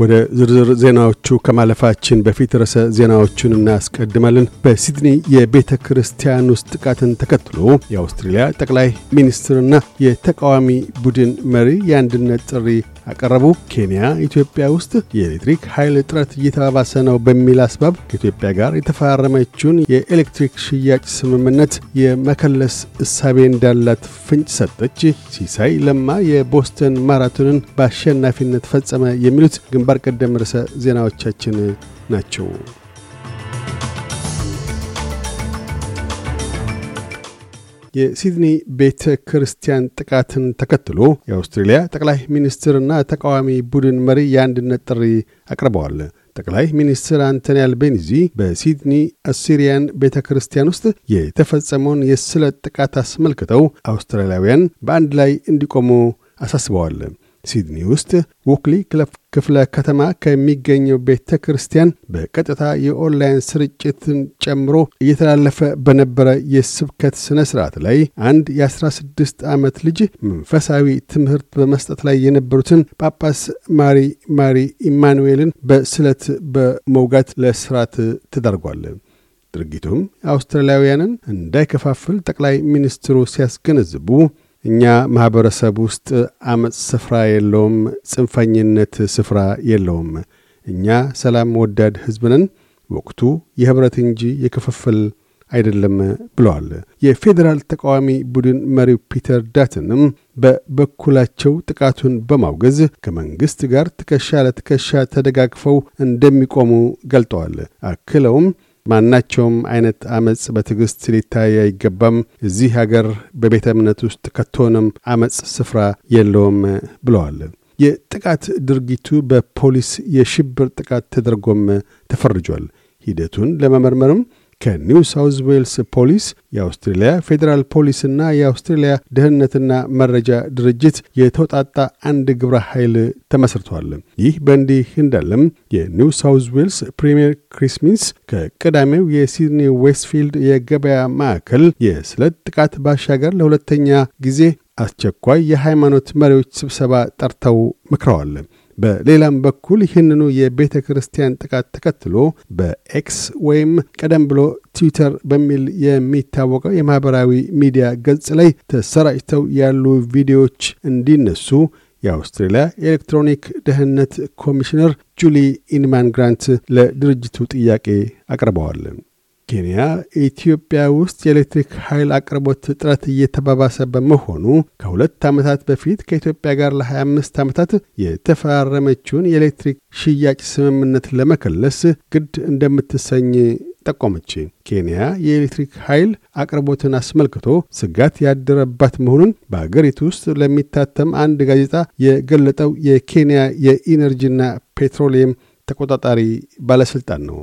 ወደ ዝርዝር ዜናዎቹ ከማለፋችን በፊት ርዕሰ ዜናዎቹን እናስቀድማለን። በሲድኒ የቤተ ክርስቲያን ውስጥ ጥቃትን ተከትሎ የአውስትሬልያ ጠቅላይ ሚኒስትርና የተቃዋሚ ቡድን መሪ የአንድነት ጥሪ አቀረቡ። ኬንያ ኢትዮጵያ ውስጥ የኤሌክትሪክ ኃይል እጥረት እየተባባሰ ነው በሚል አስባብ ከኢትዮጵያ ጋር የተፈራረመችውን የኤሌክትሪክ ሽያጭ ስምምነት የመከለስ እሳቤ እንዳላት ፍንጭ ሰጠች። ሲሳይ ለማ የቦስተን ማራቶንን በአሸናፊነት ፈጸመ። የሚሉት ግንባር ቀደም ርዕሰ ዜናዎቻችን ናቸው። የሲድኒ ቤተ ክርስቲያን ጥቃትን ተከትሎ የአውስትሬልያ ጠቅላይ ሚኒስትርና ተቃዋሚ ቡድን መሪ የአንድነት ጥሪ አቅርበዋል። ጠቅላይ ሚኒስትር አንቶኒ አልቤኒዚ በሲድኒ አሲሪያን ቤተ ክርስቲያን ውስጥ የተፈጸመውን የስለት ጥቃት አስመልክተው አውስትራሊያውያን በአንድ ላይ እንዲቆሙ አሳስበዋል። ሲድኒ ውስጥ ዎክሊ ክፍለ ከተማ ከሚገኘው ቤተ ክርስቲያን በቀጥታ የኦንላይን ስርጭትን ጨምሮ እየተላለፈ በነበረ የስብከት ሥነ ሥርዓት ላይ አንድ የ16 ዓመት ልጅ መንፈሳዊ ትምህርት በመስጠት ላይ የነበሩትን ጳጳስ ማሪ ማሪ ኢማኑኤልን በስለት በመውጋት ለስርዓት ተዳርጓል። ድርጊቱም አውስትራሊያውያንን እንዳይከፋፍል ጠቅላይ ሚኒስትሩ ሲያስገነዝቡ እኛ ማኅበረሰብ ውስጥ አመፅ ስፍራ የለውም፣ ጽንፈኝነት ስፍራ የለውም። እኛ ሰላም ወዳድ ሕዝብ ነን። ወቅቱ የኅብረት እንጂ የክፍፍል አይደለም ብለዋል። የፌዴራል ተቃዋሚ ቡድን መሪው ፒተር ዳትንም በበኩላቸው ጥቃቱን በማውገዝ ከመንግሥት ጋር ትከሻ ለትከሻ ተደጋግፈው እንደሚቆሙ ገልጠዋል። አክለውም ማናቸውም አይነት አመፅ በትዕግስት ሊታይ አይገባም። እዚህ ሀገር በቤተ እምነት ውስጥ ከቶንም አመፅ ስፍራ የለውም ብለዋል። የጥቃት ድርጊቱ በፖሊስ የሽብር ጥቃት ተደርጎም ተፈርጇል። ሂደቱን ለመመርመርም ከኒው ሳውዝ ዌልስ ፖሊስ፣ የአውስትሬልያ ፌዴራል ፖሊስና የአውስትሬልያ ደህንነትና መረጃ ድርጅት የተውጣጣ አንድ ግብረ ኃይል ተመስርቷል። ይህ በእንዲህ እንዳለም የኒው ሳውዝ ዌልስ ፕሪምየር ክሪስሚንስ ሚንስ የሲድኒ ዌስትፊልድ የገበያ ማዕከል የስለት ጥቃት ባሻገር ለሁለተኛ ጊዜ አስቸኳይ የሃይማኖት መሪዎች ስብሰባ ጠርተው ምክረዋል በሌላም በኩል ይህንኑ የቤተ ክርስቲያን ጥቃት ተከትሎ በኤክስ ወይም ቀደም ብሎ ትዊተር በሚል የሚታወቀው የማኅበራዊ ሚዲያ ገጽ ላይ ተሰራጭተው ያሉ ቪዲዮዎች እንዲነሱ የአውስትሬልያ የኤሌክትሮኒክ ደህንነት ኮሚሽነር ጁሊ ኢንማን ግራንት ለድርጅቱ ጥያቄ አቅርበዋል። ኬንያ ኢትዮጵያ ውስጥ የኤሌክትሪክ ኃይል አቅርቦት እጥረት እየተባባሰ በመሆኑ ከሁለት ዓመታት በፊት ከኢትዮጵያ ጋር ለ25 ዓመታት የተፈራረመችውን የኤሌክትሪክ ሽያጭ ስምምነት ለመከለስ ግድ እንደምትሰኝ ጠቆመች። ኬንያ የኤሌክትሪክ ኃይል አቅርቦትን አስመልክቶ ስጋት ያደረባት መሆኑን በአገሪቱ ውስጥ ለሚታተም አንድ ጋዜጣ የገለጠው የኬንያ የኢነርጂና ፔትሮሊየም ተቆጣጣሪ ባለሥልጣን ነው።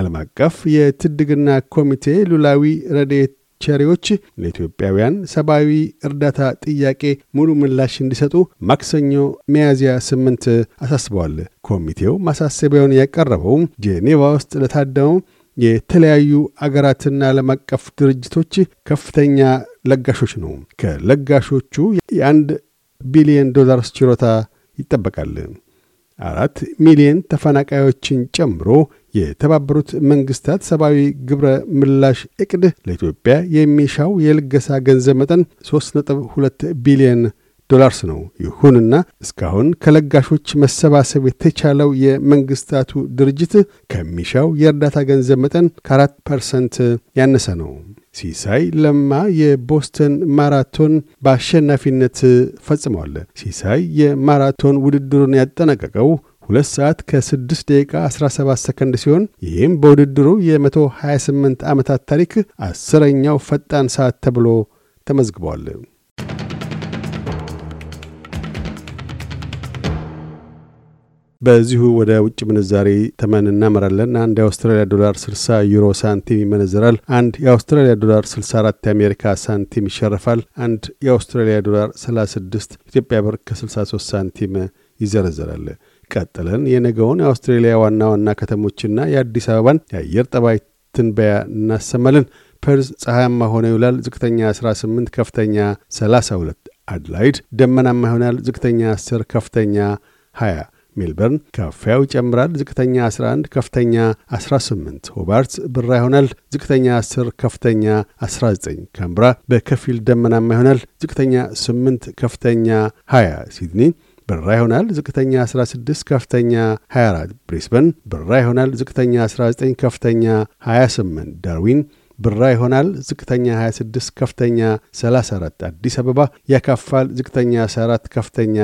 ዓለም አቀፍ የትድግና ኮሚቴ ሉላዊ ረዴት ቸሪዎች ለኢትዮጵያውያን ሰብአዊ እርዳታ ጥያቄ ሙሉ ምላሽ እንዲሰጡ ማክሰኞ ሚያዝያ ስምንት አሳስበዋል። ኮሚቴው ማሳሰቢያውን ያቀረበው ጄኔቫ ውስጥ ለታደመው የተለያዩ አገራትና ዓለም አቀፍ ድርጅቶች ከፍተኛ ለጋሾች ነው። ከለጋሾቹ የአንድ ቢሊዮን ዶላርስ ችሮታ ይጠበቃል። አራት ሚሊዮን ተፈናቃዮችን ጨምሮ የተባበሩት መንግስታት ሰብአዊ ግብረ ምላሽ እቅድ ለኢትዮጵያ የሚሻው የልገሳ ገንዘብ መጠን 3.2 ቢሊዮን ዶላርስ ነው። ይሁንና እስካሁን ከለጋሾች መሰባሰብ የተቻለው የመንግስታቱ ድርጅት ከሚሻው የእርዳታ ገንዘብ መጠን ከአራት ፐርሰንት ያነሰ ነው። ሲሳይ ለማ የቦስተን ማራቶን በአሸናፊነት ፈጽሟል። ሲሳይ የማራቶን ውድድሩን ያጠናቀቀው ሁለት ሰዓት ከ6 ደቂቃ 17 ሰከንድ ሲሆን ይህም በውድድሩ የ128 ዓመታት ታሪክ አስረኛው ፈጣን ሰዓት ተብሎ ተመዝግቧል። በዚሁ ወደ ውጭ ምንዛሬ ተመን እናመራለን። አንድ የአውስትራሊያ ዶላር 60 ዩሮ ሳንቲም ይመነዝራል። አንድ የአውስትራሊያ ዶላር 64 የአሜሪካ ሳንቲም ይሸርፋል። አንድ የአውስትራሊያ ዶላር 36 ኢትዮጵያ ብር ከ63 ሳንቲም ይዘረዘራል። ቀጥለን የነገውን የአውስትሬሊያ ዋና ዋና ከተሞችና የአዲስ አበባን የአየር ጠባይ ትንበያ እናሰማለን። ፐርዝ ፀሐያማ ሆነ ይውላል። ዝቅተኛ 18፣ ከፍተኛ 32። አድላይድ ደመናማ ይሆናል። ዝቅተኛ 10፣ ከፍተኛ 20 ሜልበርን ከፋያው ይጨምራል። ዝቅተኛ 11፣ ከፍተኛ 18። ሆባርት ብራ ይሆናል። ዝቅተኛ 10፣ ከፍተኛ 19። ካምብራ በከፊል ደመናማ ይሆናል። ዝቅተኛ 8፣ ከፍተኛ 20። ሲድኒ ብራ ይሆናል። ዝቅተኛ 16 ከፍተኛ 24። ብሪስበን ብራ ይሆናል። ዝቅተኛ 19 ከፍተኛ 28። ዳርዊን ብራ ይሆናል። ዝቅተኛ 26 ከፍተኛ 34። አዲስ አበባ ያካፋል። ዝቅተኛ 14 ከፍተኛ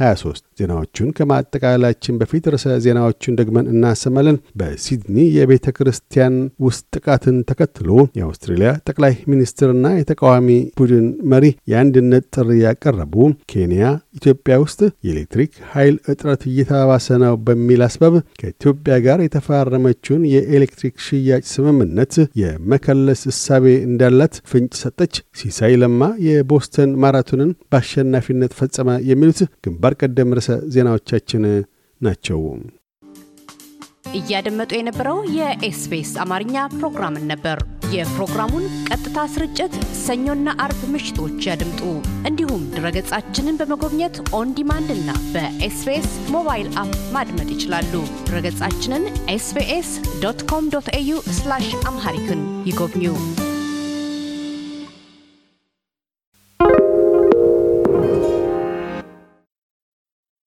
23 ዜናዎቹን ከማጠቃላችን በፊት ርዕሰ ዜናዎቹን ደግመን እናሰማለን። በሲድኒ የቤተ ክርስቲያን ውስጥ ጥቃትን ተከትሎ የአውስትሬልያ ጠቅላይ ሚኒስትርና የተቃዋሚ ቡድን መሪ የአንድነት ጥሪ ያቀረቡ፣ ኬንያ ኢትዮጵያ ውስጥ የኤሌክትሪክ ኃይል እጥረት እየተባባሰ ነው በሚል አስባብ ከኢትዮጵያ ጋር የተፈራረመችውን የኤሌክትሪክ ሽያጭ ስምምነት የመከለስ እሳቤ እንዳላት ፍንጭ ሰጠች፣ ሲሳይ ለማ የቦስተን ማራቶንን በአሸናፊነት ፈጸመ የሚሉት ግንባር ቀደም ርዕሰ ዜናዎቻችን ናቸው። እያደመጡ የነበረው የኤስቢኤስ አማርኛ ፕሮግራምን ነበር። የፕሮግራሙን ቀጥታ ስርጭት ሰኞና አርብ ምሽቶች ያድምጡ። እንዲሁም ድረገጻችንን በመጎብኘት ኦን እና በኤስቢኤስ ሞባይል አፕ ማድመጥ ይችላሉ። ድረገጻችንን ኤስቢኤስ ዶት ኮም ኤዩ አምሃሪክን ይጎብኙ።